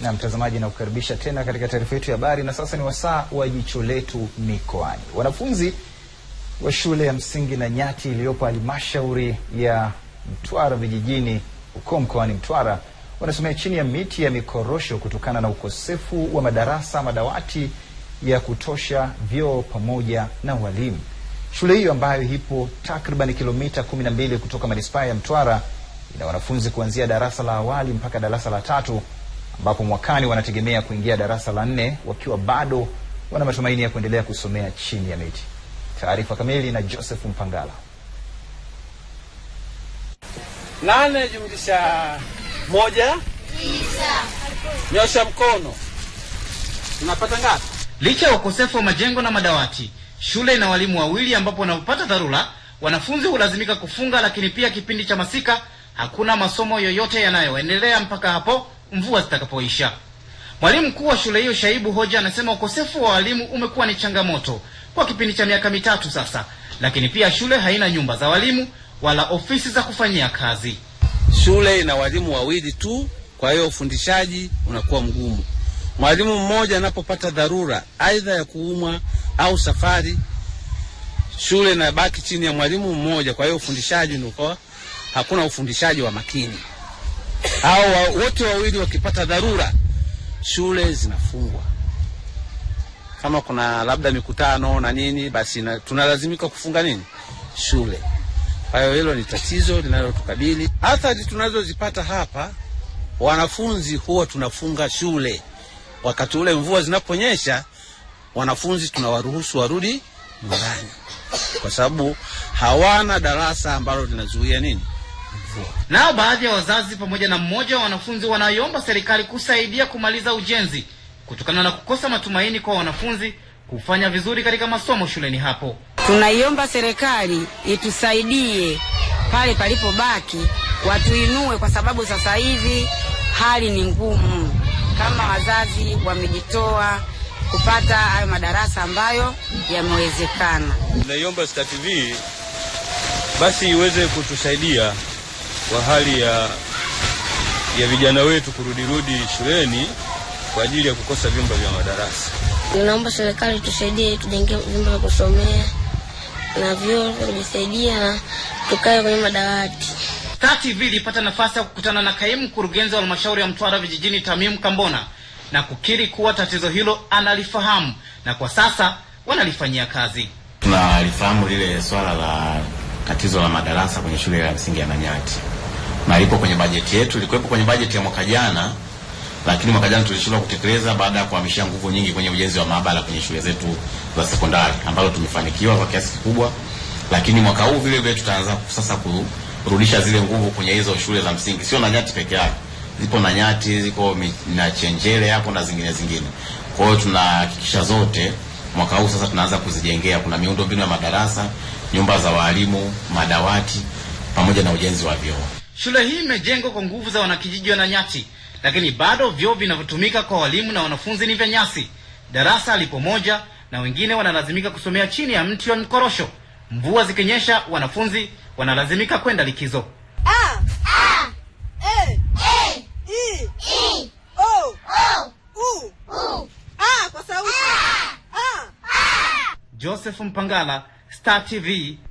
Na mtazamaji, nakukaribisha tena katika taarifa yetu ya habari, na sasa ni wasaa wa jicho letu mikoani. Wanafunzi wa shule ya msingi na nyati iliyopo halmashauri ya Mtwara vijijini huko mkoani Mtwara wanasomea chini ya miti ya mikorosho kutokana na ukosefu wa madarasa, madawati ya kutosha, vyoo pamoja na walimu. Shule hiyo ambayo ipo takriban kilomita kumi na mbili kutoka manispaa ya Mtwara ina wanafunzi kuanzia darasa la awali mpaka darasa la tatu ambapo mwakani wanategemea kuingia darasa la nne wakiwa bado wana matumaini ya kuendelea kusomea chini ya miti. Taarifa kamili na Joseph Mpangala. Nane jumlisha moja Nyosha mkono. Unapata ngapi? Licha ya ukosefu wa majengo na madawati, shule ina walimu wawili ambapo wanapopata dharura wanafunzi hulazimika kufunga, lakini pia kipindi cha masika hakuna masomo yoyote yanayoendelea mpaka hapo mvua zitakapoisha. Mwalimu mkuu wa shule hiyo Shaibu Hoja anasema ukosefu wa walimu umekuwa ni changamoto kwa kipindi cha miaka mitatu sasa, lakini pia shule haina nyumba za walimu wala ofisi za kufanyia kazi. Shule ina walimu wawili tu, kwa hiyo ufundishaji unakuwa mgumu. Mwalimu mmoja anapopata dharura aidha ya kuumwa au safari, shule inabaki chini ya mwalimu mmoja, kwa hiyo ufundishaji unakuwa hakuna ufundishaji wa makini au wote wawili wakipata dharura, shule zinafungwa. Kama kuna labda mikutano na nini, basi tunalazimika kufunga nini shule. Kwa hiyo hilo ni tatizo linalotukabili. Athari tunazozipata hapa, wanafunzi huwa tunafunga shule wakati ule mvua zinaponyesha, wanafunzi tunawaruhusu warudi nyumbani, kwa sababu hawana darasa ambalo linazuia nini Nao baadhi ya wazazi pamoja na mmoja wa wanafunzi wanaiomba serikali kusaidia kumaliza ujenzi kutokana na kukosa matumaini kwa wanafunzi kufanya vizuri katika masomo shuleni hapo. Tunaiomba serikali itusaidie pale palipobaki, watuinue kwa sababu sasa hivi hali ni ngumu. Kama wazazi wamejitoa kupata hayo madarasa ambayo yamewezekana, tunaiomba Star TV basi iweze kutusaidia wa hali ya, ya vijana wetu kurudirudi shuleni kwa ajili ya kukosa vyumba vya madarasa. Tunaomba serikali tusaidie, tujenge vyumba vya kusomea na vyo kujisaidia tukae kwenye madawati. StarTV ilipata nafasi ya kukutana na kaimu mkurugenzi wa halmashauri ya Mtwara vijijini Tamim Kambona na kukiri kuwa tatizo hilo analifahamu na kwa sasa wanalifanyia kazi. Tunalifahamu lile swala la tatizo la madarasa kwenye shule ya msingi ya manyati na iko kwenye bajeti yetu, ilikuwepo kwenye bajeti ya mwaka jana, lakini mwaka jana tulishindwa kutekeleza baada ya kuhamishia nguvu nyingi kwenye ujenzi wa maabara kwenye shule zetu za sekondari, ambalo tumefanikiwa kwa kiasi kikubwa, lakini mwaka huu vile vile tutaanza sasa kurudisha zile nguvu kwenye hizo shule za msingi, sio na nyati peke yake, zipo na nyati, ziko na chenjele hapo na zingine zingine. Kwa hiyo tunahakikisha zote mwaka huu sasa tunaanza kuzijengea, kuna miundo mbinu ya madarasa, nyumba za walimu, madawati pamoja na ujenzi wa vyoo. Shule hii imejengwa kwa nguvu za wanakijiji na nyati, lakini bado vyoo vinavyotumika kwa walimu na wanafunzi ni vya nyasi. Darasa lipo moja na wengine wanalazimika kusomea chini ya mti wa mkorosho. Mvua zikinyesha, wanafunzi wanalazimika kwenda likizo. Joseph Mpangala, Star TV,